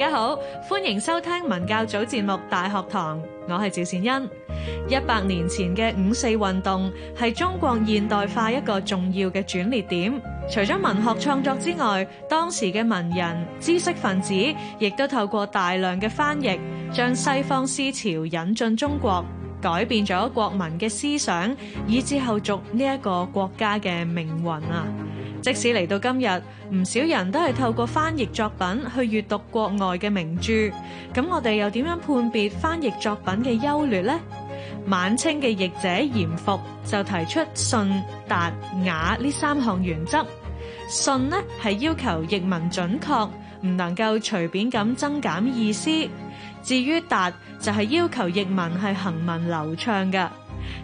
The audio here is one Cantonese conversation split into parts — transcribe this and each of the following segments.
大家好，歡迎收聽文教組節目《大學堂》，我係趙善恩。一百年前嘅五四運動係中國現代化一個重要嘅轉捩點。除咗文學創作之外，當時嘅文人、知識分子亦都透過大量嘅翻譯，將西方思潮引進中國，改變咗國民嘅思想，以至後續呢一個國家嘅命運啊！即使嚟到今日，唔少人都係透過翻譯作品去閱讀國外嘅名著。咁我哋又點樣判別翻譯作品嘅優劣咧？晚清嘅譯者嚴復就提出信、達、雅呢三項原則。信咧係要求譯文準確，唔能夠隨便咁增減意思。至於達，就係要求譯文係行文流暢嘅。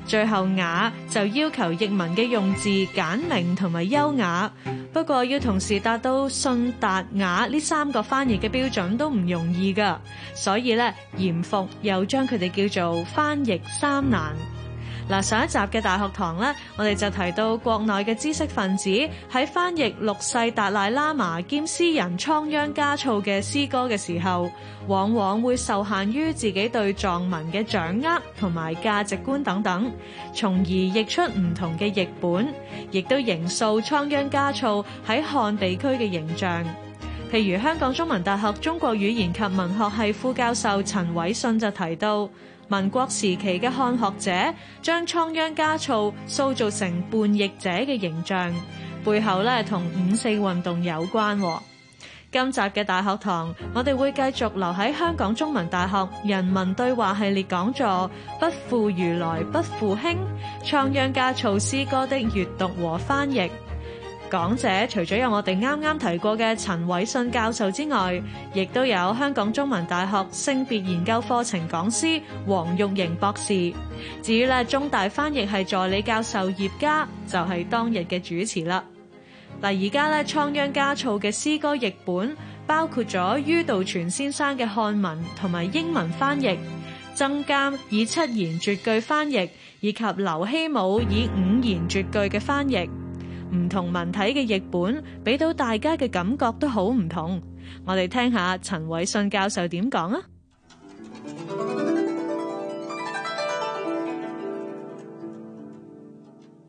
最後，雅就要求譯文嘅用字簡明同埋優雅，不過要同時達到信達雅呢三個翻譯嘅標準都唔容易㗎，所以呢嚴復又將佢哋叫做翻譯三難。嗱，上一集嘅大學堂咧，我哋就提到國內嘅知識分子喺翻譯六世達賴喇嘛兼詩人倉央嘉措嘅詩歌嘅時候，往往會受限於自己對藏文嘅掌握同埋價值觀等等，從而譯出唔同嘅譯本，亦都形塑倉央嘉措喺漢地區嘅形象。譬如香港中文大學中國語言及文學系副教授陳煒舜就提到。民國時期嘅漢學者將《倉央嘉措》塑造成叛逆者嘅形象，背後咧同五四運動有關。今集嘅大學堂，我哋會繼續留喺香港中文大學人民對話系列講座，不負如來，不負卿，《倉央嘉措》詩歌的閱讀和翻譯。講者除咗有我哋啱啱提過嘅陳煒舜教授之外，亦都有香港中文大學性別研究課程講師黃鈺螢博士。至於咧中大翻譯系助理教授葉嘉，就係、是、當日嘅主持啦。嗱，而家咧倉央嘉措嘅詩歌譯本，包括咗于道泉先生嘅漢文同埋英文翻譯，曾緘以七言絕句翻譯，以及劉希武以五言絕句嘅翻譯。唔同文體嘅譯本，俾到大家嘅感覺都好唔同。我哋聽下陳煒舜教授點講啊？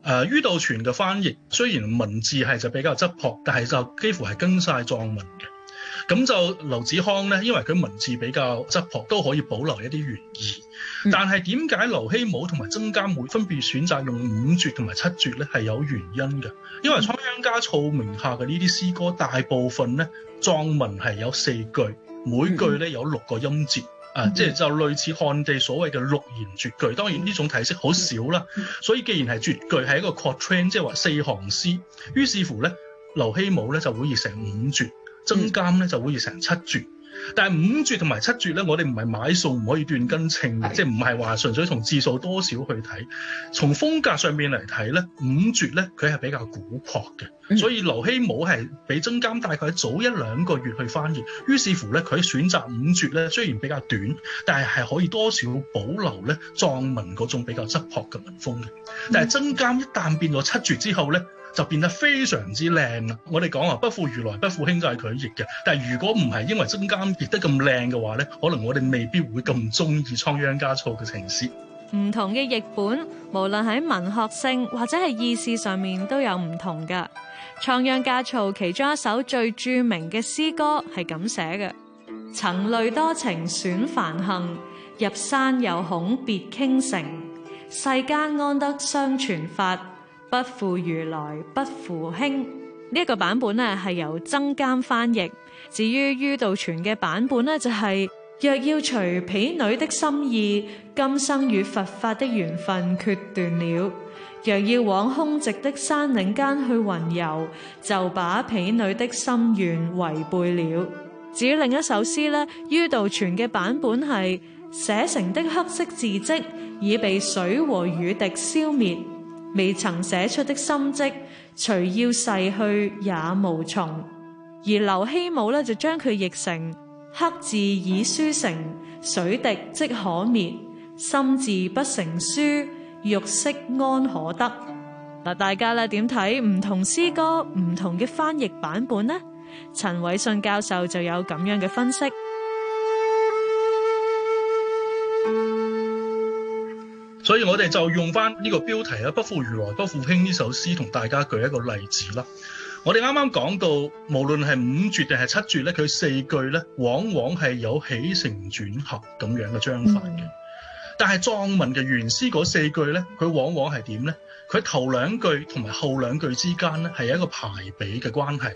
誒、呃，于道泉嘅翻譯雖然文字係就比較質樸，但係就幾乎係跟晒藏文嘅。咁就劉子康咧，因為佢文字比較質樸，都可以保留一啲原意。嗯、但係點解劉希武同埋曾緘分別選擇用五絕同埋七絕咧？係有原因嘅。因為倉央嘉措名下嘅呢啲詩歌，大部分咧藏文係有四句，每句咧有六個音節，嗯、啊，即、就、係、是、就類似漢地所謂嘅六言絕句。當然呢種體式好少啦。所以既然係絕句係一個 quatrain，即係話四行詩，於是乎咧，劉希武咧就會譯成五絕。增監咧就會成七絕，但係五絕同埋七絕咧，我哋唔係買數唔可以斷根稱的即係唔係話純粹從字數多少去睇，從風格上面嚟睇咧，五絕咧佢係比較古樸嘅，所以劉希武係比曾緘大概早一兩個月去翻譯，於是乎咧佢選擇五絕咧，雖然比較短，但係係可以多少保留咧藏文嗰種比較質樸嘅文風嘅，但係曾緘一旦變咗七絕之後咧。就變得非常之靚啦。我哋講啊，不負如來，不負卿，佢譯嘅。但係如果唔係因為中間譯得咁靚嘅話咧，可能我哋未必會咁中意倉央嘉措嘅情詩。唔同嘅譯本，無論喺文學性或者係意思上面都有唔同嘅。倉央嘉措其中一首最著名嘅詩歌係咁寫嘅：曾慮多情損梵行，入山又恐別傾城。世間安得雙全法？不負如來不負卿，呢一個版本咧，係由曾緘翻譯。至於于道泉嘅版本就係、是、若要隨婢女的心意，今生與佛法的緣分決斷了；若要往空寂的山嶺間去雲遊，就把婢女的心願違背了。至於另一首詩咧，于道泉嘅版本係寫成的黑色字迹已被水和雨滴消滅。未曾寫出的心跡，隨要逝去也無從。而劉希武呢，就將佢譯成：黑字已書成，水滴即可滅；心字不成書，玉色安可得？嗱，大家咧點睇唔同詩歌唔同嘅翻譯版本呢？陳煒舜教授就有咁樣嘅分析。所以我哋就用翻呢個標題，《不負如來不負卿》呢首詩，同大家舉一個例子啦。我哋啱啱講到，無論係五絕定係七絕咧，佢四句咧，往往係有起承轉合咁樣嘅章法嘅。但係藏文嘅原詩嗰四句咧，佢往往係點咧？佢頭兩句同埋後兩句之間咧，係一個排比嘅關係。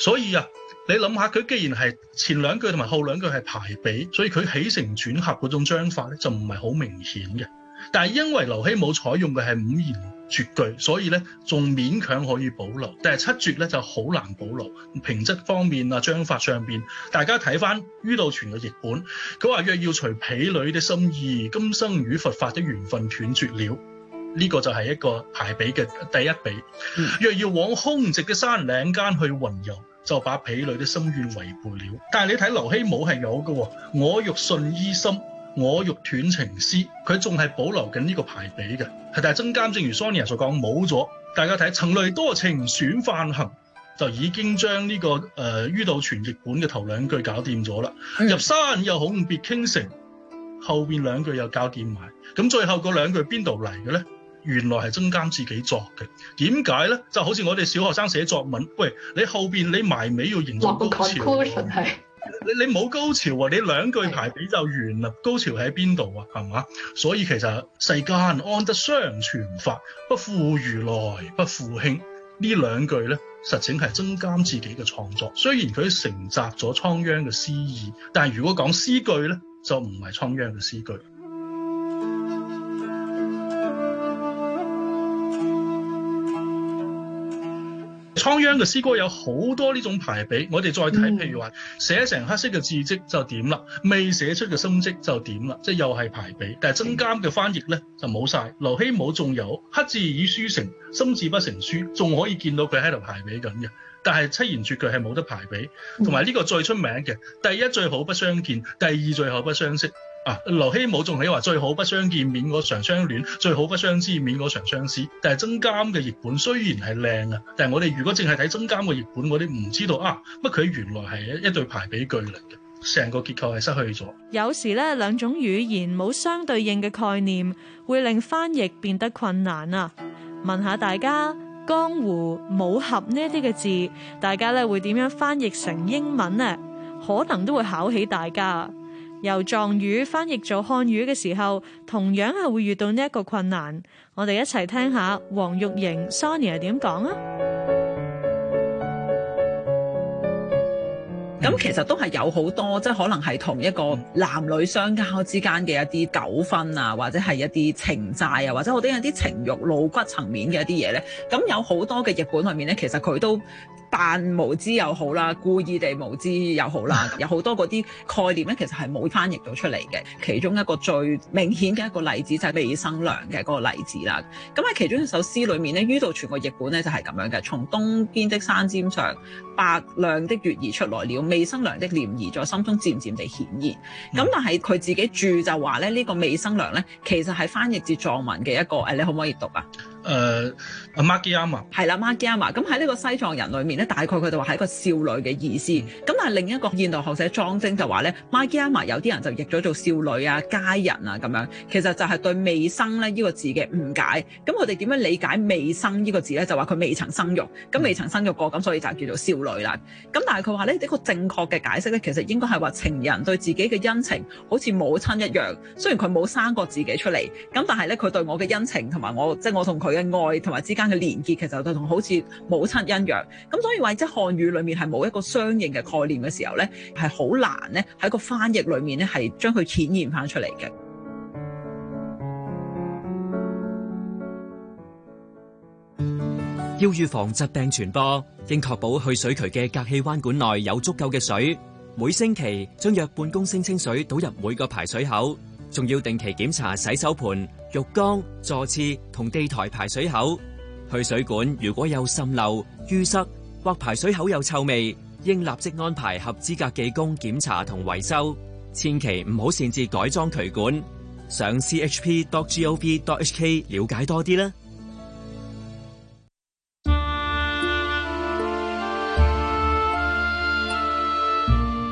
所以啊，你諗下，佢既然係前兩句同埋後兩句係排比，所以佢起承轉合嗰種章法咧，就唔係好明顯嘅。但係因為劉希武採用嘅係五言絕句，所以咧，仲勉強可以保留。但係七絕咧，就好難保留。平仄方面啊，章法上面，大家睇翻於道泉嘅譯本，佢話，若要隨婢女的心意，今生與佛法的緣分斷絕了，呢、這個就係一個排比嘅第一比。嗯、若要往空寂嘅山嶺間去雲遊，就把婢女的心願違背了。但係你睇劉希武係有嘅喎，我欲順伊心。我欲斷情絲，佢仲係保留緊呢個排比嘅，但係曾緘正如 Sonya 所講冇咗。大家睇，曾慮多情損梵行，就已經將呢、這個誒于、呃、道泉譯本嘅頭兩句搞掂咗啦。嗯、入山又恐別傾城，後面兩句又搞掂埋。咁最後嗰兩句邊度嚟嘅咧？原來係曾緘自己作嘅。點解咧？就好似我哋小學生寫作文，喂，你後面你埋尾要形成高潮，啊。」你你冇高潮喎，你兩句排比就完啦，的高潮喺邊度啊？係嘛？所以其實世間安得雙全法，不負如來，不負卿呢兩句咧，實情係曾緘自己嘅創作。雖然佢承襲咗倉央嘅詩意，但係如果講詩句咧，就唔係倉央嘅詩句。倉央嘅詩歌有好多呢種排比，我哋再睇，譬、嗯、如話寫成黑色嘅字跡就點啦，未寫出嘅心迹就點啦，即又係排比。但係曾緘嘅翻譯咧就冇晒。劉希武仲有黑字已書成，心字不成書，仲可以見到佢喺度排比緊嘅。但係七言絕句係冇得排比，同埋呢個最出名嘅，第一最好不相見，第二最好不相識。啊！劉希武仲喺話最好不相見，免我常相戀；最好不相知，免我常相思。但係曾緘嘅譯本雖然係靚啊，但我哋如果淨係睇曾緘嘅譯本，我哋，唔知道啊乜佢原來係一對排比句嚟嘅，成個結構係失去咗。有時咧，兩種語言冇相對應嘅概念，會令翻譯變得困難啊！問下大家，江湖、武俠呢啲嘅字，大家咧會點樣翻譯成英文呢？可能都會考起大家。由藏語翻譯做漢語嘅時候，同樣係會遇到呢一個困難。我哋一齊聽下黃鈺螢 Sony 係點講啊！咁、嗯嗯、其實都係有好多，即可能係同一個男女相交之間嘅一啲糾紛啊，或者係一啲情債啊，或者好多一啲情慾、露骨層面嘅一啲嘢咧。咁有好多嘅譯本裏面咧，其實佢都扮無知又好啦，故意地無知又好啦，嗯、有好多嗰啲概念咧，其實係冇翻譯到出嚟嘅。其中一個最明顯嘅一個例子就係未生娘嘅嗰個例子啦。咁喺其中一首詩裏面咧，于道泉個譯本咧就係咁樣嘅，從東邊的山尖上白亮的月兒出來了。未生娘的漣漪在心中漸漸地顯現，咁、嗯、但係佢自己註就話咧，呢個未生娘」咧，其實係翻譯至藏文嘅一個，你可唔可以讀啊？誒，瑪吉阿瑪係啦瑪吉阿瑪，咁喺呢個西藏人裏面咧，大概佢就話係一個少女嘅意思。咁係、嗯、另一個現代學者莊晶就話咧瑪吉阿瑪有啲人就譯咗做少女啊、佳人啊咁樣，其實就係對未生咧呢、這個字嘅誤解。咁佢哋點樣理解未生呢個字咧？就話佢未曾生育，咁未曾生育過，咁、嗯、所以就叫做少女啦。咁但係佢話咧，呢、這個正確嘅解釋咧，其實應該係話情人對自己嘅恩情，好似母親一樣。雖然佢冇生過自己出嚟，咁但係咧，佢對我嘅恩情同埋我，即、就是、我同佢。嘅愛同埋之間嘅連結，其實就同好似母親一樣。咁所以話，即係漢語裏面係冇一個相應嘅概念嘅時候呢，係好難咧，喺個翻譯裏面咧係將佢顯現翻出嚟嘅。要預防疾病傳播，應確保去水渠嘅隔氣彎管內有足夠嘅水。每星期將約半公升清水倒入每個排水口。仲要定期檢查洗手盆、浴缸、坐廁同地台排水口。去水管如果有滲漏、淤塞或排水口有臭味，應立即安排合資格技工檢查同維修。千祈唔好擅自改裝渠管。上 chp.gov.hk 了解多啲啦。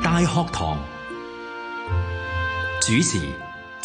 大學堂主持。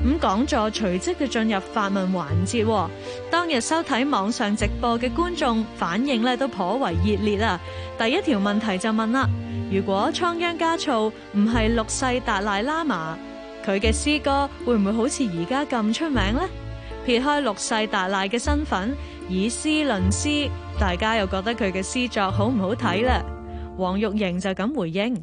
咁講座隨即就進入發問環節，當日收睇網上直播嘅觀眾反應咧都頗為熱烈啊！第一條問題就問啦：如果倉央嘉措唔係六世達賴喇嘛，佢嘅詩歌會唔會好似而家咁出名呢？撇開六世達賴嘅身份，以詩論詩，大家又覺得佢嘅詩作好唔好睇咧？黃鈺螢就咁回應。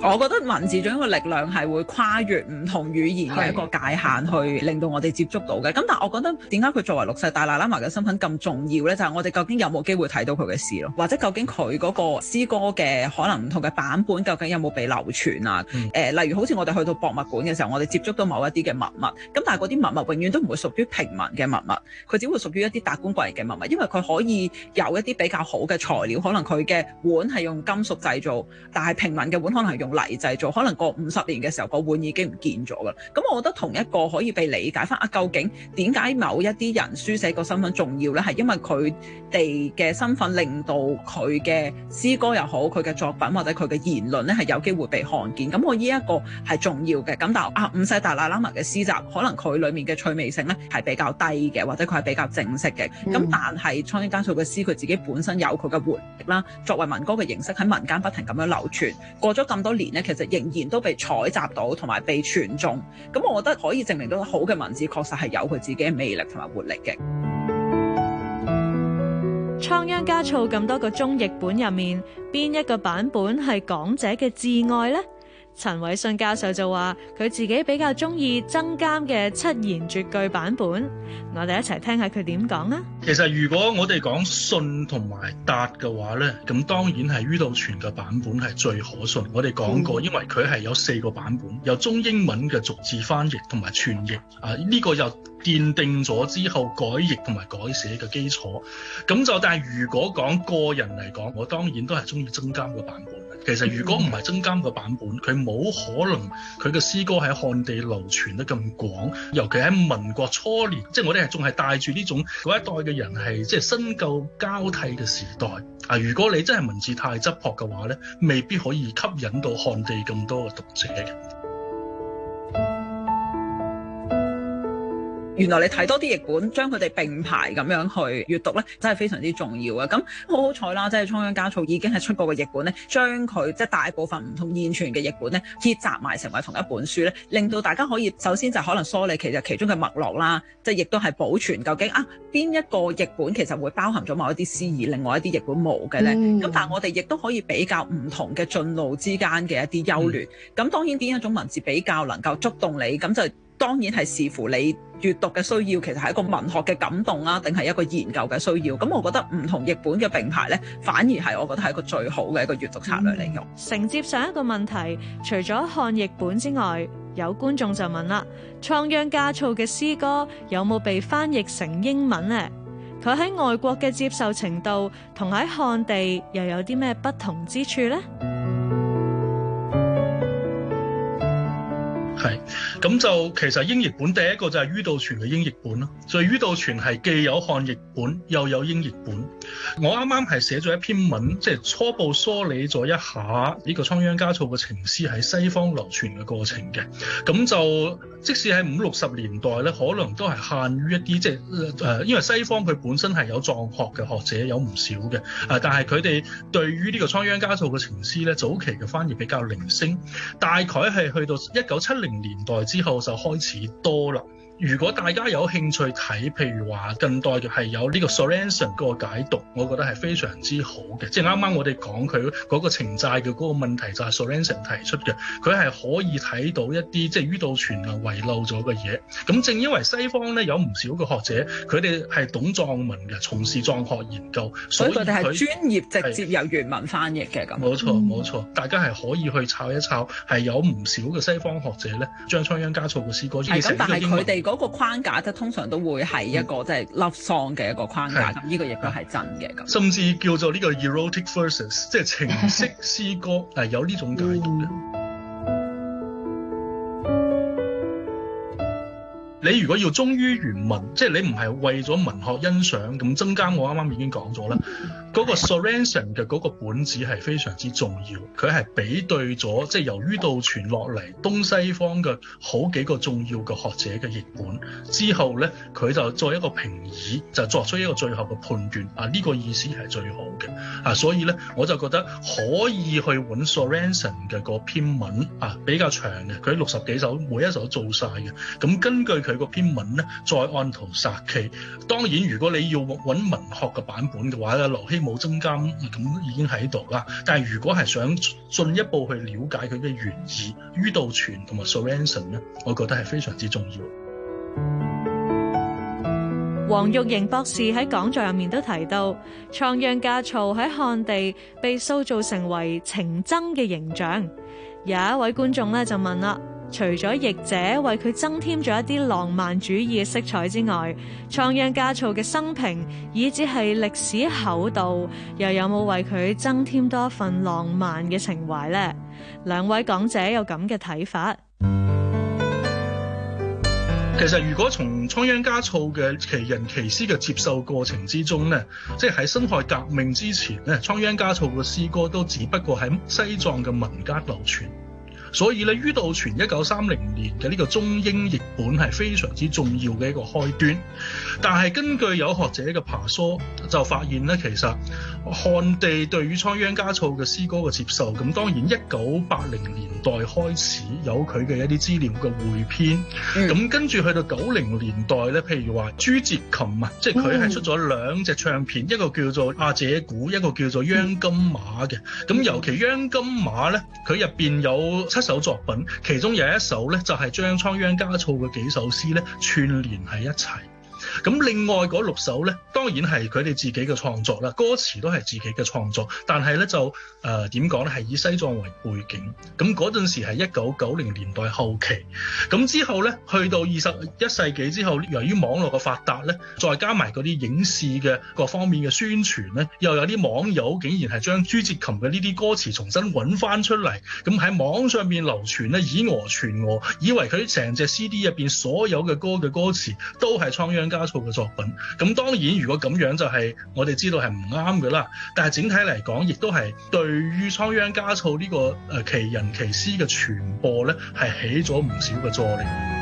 我覺得文字中一個力量係會跨越唔同語言嘅一個界限，去令到我哋接觸到嘅。咁的但我覺得點解佢作為六世大喇喇嘛嘅身份咁重要呢？就係、是、我哋究竟有冇機會睇到佢嘅事咯？或者究竟佢嗰個詩歌嘅可能唔同嘅版本，究竟有冇被流傳啊的、呃？例如好似我哋去到博物館嘅時候，我哋接觸到某一啲嘅文物。咁但係嗰啲文物永遠都唔會屬於平民嘅文物，佢只會屬於一啲達官貴人嘅文物，因為佢可以有一啲比較好嘅材料，可能佢嘅碗係用金屬製造，但係平民嘅碗可能係用。嚟製造，可能、嗯、過五十年嘅時候，個碗已經唔見咗㗎。咁我覺得同一個可以被理解翻啊，究竟點解某一啲人書寫個身份重要咧？係因為佢哋嘅身份令到佢嘅詩歌又好，佢嘅作品或者佢嘅言論咧係有機會被看見。咁我呢一個係重要嘅。咁但係啊，五世達賴喇嘛嘅詩集可能佢裏面嘅趣味性咧係比較低嘅，或者佢係比較正式嘅。咁但係倉央嘉措嘅詩，佢自己本身有佢嘅活力啦，作為民歌嘅形式喺民間不停咁樣流傳，過咗咁多年。年咧，其實仍然都被採集到同埋被傳中。咁、嗯、我覺得可以證明到好嘅文字確實係有佢自己嘅魅力同埋活力嘅。倉央嘉措咁多個中譯本入面，邊一個版本係講者嘅至愛呢？陳煒舜教授就話佢自己比較中意曾緘嘅七言絕句版本，我哋一齊聽下佢點講啦。其實如果我哋講信同埋達嘅話咧，咁當然係于道泉嘅版本係最可信。我哋講過，因為佢係有四個版本，有中英文嘅逐字翻譯同埋全譯啊，呢、這個又。奠定咗之後改譯同埋改寫嘅基礎，咁就，但係如果講個人嚟講，我當然都係中意曾緘個版本。其實如果唔係曾緘個版本，佢冇可能佢嘅詩歌喺漢地流傳得咁廣，尤其喺民國初年，即我哋仲係帶住呢種嗰一代嘅人係即係新舊交替嘅時代。啊，如果你真係文字太質樸嘅話呢，未必可以吸引到漢地咁多嘅讀者。原來你睇多啲譯本，將佢哋並排咁樣去閱讀呢，真係非常之重要嘅。咁好好彩啦，即係《倉央嘉措》已經係出過個譯本呢，將佢即係大部分唔同現存嘅譯本呢，結集埋成為同一本書呢，令到大家可以首先就可能梳理其實其中嘅脈絡啦，即係亦都係保存究竟啊邊一個譯本其實會包含咗某一啲詩意，另外一啲譯本冇嘅呢。咁、mm. 但係我哋亦都可以比較唔同嘅進路之間嘅一啲優劣。咁、mm. 當然邊一種文字比較能夠觸動你，咁就。當然係視乎你閱讀嘅需要，其實係一個文學嘅感動啊，定係一個研究嘅需要。咁我覺得唔同譯本嘅並排咧，反而係我覺得係一個最好嘅一個閱讀策略嚟用、嗯。承接上一個問題，除咗漢譯本之外，有觀眾就問啦：倉央嘉措嘅詩歌有冇被翻譯成英文呢？佢喺外國嘅接受程度同喺漢地又有啲咩不同之處呢？」係，咁就其實英譯本第一個就係于道泉嘅英譯本，所以于道泉係既有漢譯本又有英譯本。我啱啱係寫咗一篇文，即係初步梳理咗一下呢、這個《倉央嘉措》嘅情詩喺西方流傳嘅過程嘅。咁就即使喺五六十年代咧，可能都係限於一啲即係誒、呃，因為西方佢本身係有藏學嘅學者有唔少嘅、呃，但係佢哋對於呢個《倉央嘉措》嘅情詩咧，早期嘅翻譯比較零星，大概係去到一九七零。年代之後就開始多啦。如果大家有興趣睇，譬如話近代係有呢個 Sorenson 個解讀，我覺得係非常之好嘅。即啱啱我哋講佢嗰個情債嘅嗰個問題就係 Sorenson 提出嘅，佢係可以睇到一啲即係于道泉啊遺漏咗嘅嘢。咁正因為西方咧有唔少嘅學者，佢哋係懂藏文嘅，從事藏學研究，所以佢哋係專業是直接由原文翻譯嘅咁。冇錯冇、嗯、錯，大家係可以去查一查，係有唔少嘅西方學者咧將倉央嘉措嘅詩歌嗰個框架即通常都會係一個即係 love song 嘅一個框架，咁呢的個亦都係真嘅。甚至叫做呢個 erotic verses，即係情色詩歌， 有這種呢種解讀。你如果要忠於原文，即係你唔係為咗文學欣賞咁增加，我啱啱已經講咗啦。嗰個 Soranson 嘅嗰本子係非常之重要，佢係比對咗，即係由于道泉傳落嚟東西方嘅好幾個重要嘅學者嘅譯本之後咧，佢就作一個評議就作出一個最後嘅判斷啊！呢個意思係最好嘅啊，所以咧我就覺得可以去揾 Soranson 嘅個篇文啊，比較長嘅，佢六十幾首，每一首都做晒嘅，咁根據。佢個篇文咧，再按圖索驥。當然，如果你要揾文學嘅版本嘅話咧，劉希武、曾緘咁、嗯嗯、已經喺度啦。但係如果係想進一步去了解佢嘅原意，於道泉同埋 Sørensen 咧，son, 我覺得係非常之重要。黃鈺螢博士喺講座入面都提到，倉央嘉措喺漢地被塑造成為情僧嘅形象。有一位觀眾咧就問啦。除咗譯者為佢增添咗一啲浪漫主義嘅色彩之外，倉央嘉措嘅生平以至係歷史厚度，又有冇為佢增添多一份浪漫嘅情懷呢？兩位講者有咁嘅睇法。其實，如果從倉央嘉措嘅奇人奇詩嘅接受過程之中呢，即係喺辛亥革命之前呢，倉央嘉措嘅詩歌都只不過喺西藏嘅民間流傳。所以咧，于道泉一九三零年嘅呢個中英譯本係非常之重要嘅一個開端。但係根據有學者嘅爬梳，就發現咧，其實漢地對於倉央嘉措嘅詩歌嘅接受，咁當然一九八零年代開始有佢嘅一啲資料嘅匯編。咁、嗯、跟住去到九零年代咧，譬如話朱哲琴啊，嗯、即係佢係出咗兩隻唱片，嗯、一個叫做《阿姐鼓》，一個叫做《央金馬》嘅。咁尤其《央金馬》咧，佢入邊有。一首作品，其中有一首咧，就係將倉央嘉措嘅幾首詩咧串聯喺一齊。咁另外嗰六首呢，當然係佢哋自己嘅創作啦，歌詞都係自己嘅創作，但係呢就誒點講呢？係、呃、以西藏為背景。咁嗰陣時係一九九零年代後期，咁之後呢，去到二十一世紀之後，由於網絡嘅發達呢，再加埋嗰啲影視嘅各方面嘅宣傳呢，又有啲網友竟然係將朱哲琴嘅呢啲歌詞重新揾翻出嚟，咁喺網上面流傳呢，以訛傳訛，以為佢成隻 CD 入面所有嘅歌嘅歌詞都係創用，嘉措嘅作品，咁當然如果咁樣就係，我哋知道係唔啱噶啦，但係整體嚟講，亦都係對於倉央嘉措呢個誒奇人奇詩嘅傳播咧，係起咗唔少嘅助力。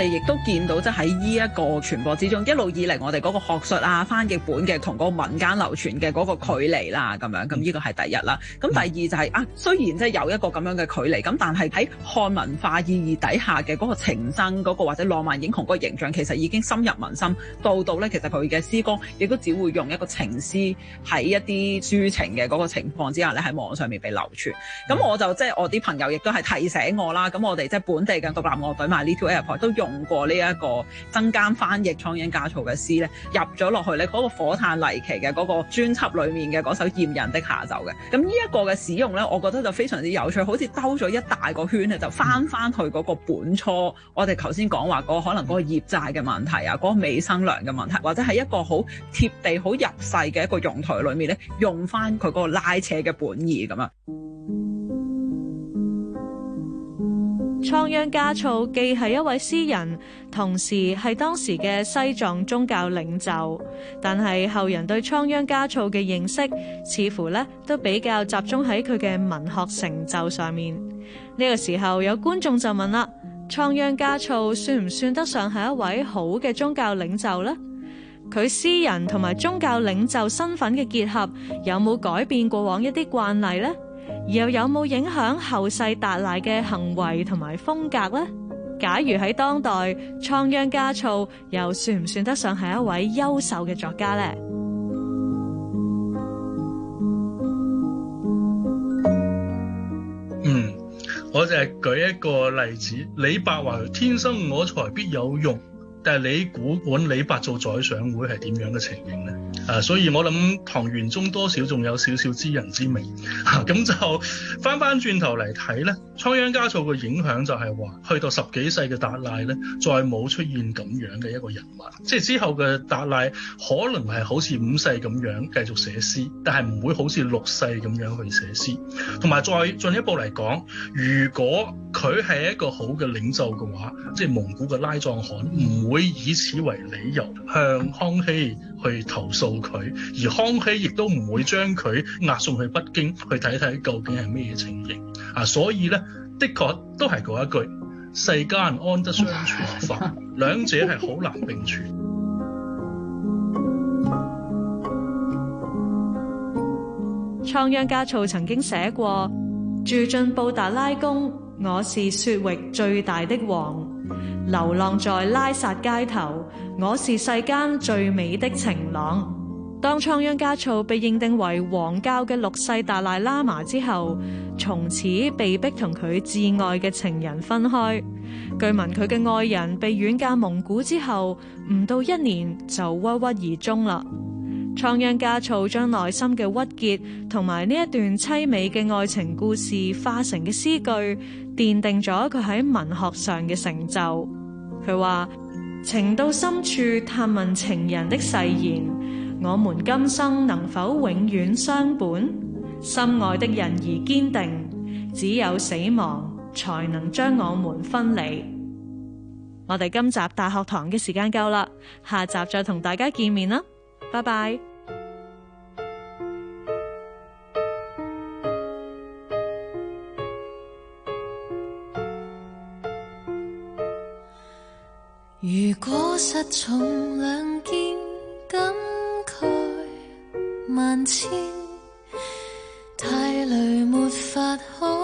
我哋亦都見到，即係喺呢一個傳播之中，一路以嚟我哋嗰個學術啊、翻譯本嘅同個民間流傳嘅嗰個距離啦，咁樣咁呢個係第一啦。咁第二就係、是、啊，雖然即係有一個咁樣嘅距離，咁但係喺漢文化意義底下嘅嗰個情僧嗰、那個或者浪漫英雄嗰個形象，其實已經深入民心，到到咧其實佢嘅詩歌亦都只會用一個情詩喺一啲抒情嘅嗰個情況之下咧喺網上面被流傳。咁我就即係我啲朋友亦都係提醒我啦，咁我哋即係本地嘅獨立樂隊 My Little Airport 都用。用過呢一個增加翻譯倉央嘉措嘅詩咧，入咗落去咧嗰個火炭麗琪嘅嗰、那個專輯裡面嘅嗰首《厭人的下晝》嘅，咁呢一個嘅使用咧，我覺得就非常之有趣，好似兜咗一大個圈咧，就返返去嗰個本初，我哋頭先講話嗰可能嗰個業債嘅問題啊，嗰、那個未生糧嘅問題，或者係一個好貼地、好入世嘅一個用途裏面咧，用返佢嗰個拉扯嘅本意咁樣。倉央嘉措既係一位詩人，同時係當時嘅西藏宗教領袖，但係後人對倉央嘉措嘅認識，似乎咧都比較集中喺佢嘅文學成就上面。呢個時候有觀眾就問啦：倉央嘉措算唔算得上係一位好嘅宗教領袖呢？佢詩人同埋宗教領袖身份嘅結合，有冇改變過往一啲慣例呢？而又有冇影響後世達賴嘅行為同埋風格呢？假如喺當代倉央嘉措，又算唔算得上係一位優秀嘅作家呢？嗯，我就係舉一個例子，李白話：天生我材必有用。但係你估搵李白做宰相會係點樣嘅情形咧？啊，所以我諗唐玄宗多少仲有少少知人之明，咁、啊、就翻翻轉頭嚟睇咧，倉央嘉措嘅影響就係話去到十幾世嘅達賴咧，再冇出現咁樣嘅一個人物，即係之後嘅達賴可能係好似五世咁樣繼續寫詩，但係唔會好似六世咁樣去寫詩。同埋再進一步嚟講，如果佢係一個好嘅領袖嘅話，即係蒙古嘅拉藏汗唔。會以此為理由向康熙去投訴佢，而康熙亦都唔會將佢押送去北京去睇睇究竟係咩嘢情形啊！所以呢，的確都係嗰一句：世間安得雙全法，兩者係好難並存。倉央嘉措曾經寫過：住進布達拉宮，我是雪域最大的王。流浪在拉薩街頭，我是世間最美的情郎。當倉央嘉措被認定為黃教嘅六世達賴喇嘛之後，從此被迫同佢摯愛嘅情人分開。據聞佢嘅愛人被遠嫁蒙古之後，唔到一年就鬱鬱而終啦。倉央嘉措將內心嘅鬱結同埋呢一段淒美嘅愛情故事化成嘅詩句，奠定咗佢喺文學上嘅成就。佢話情到深處，探問情人的誓言，我們今生能否永遠相伴？心愛的人而堅定，只有死亡才能將我們分離。 我哋今集大學堂嘅時間夠啦，下集再同大家見面啦，拜拜。果實重兩肩，感慨萬千，太累沒法哭。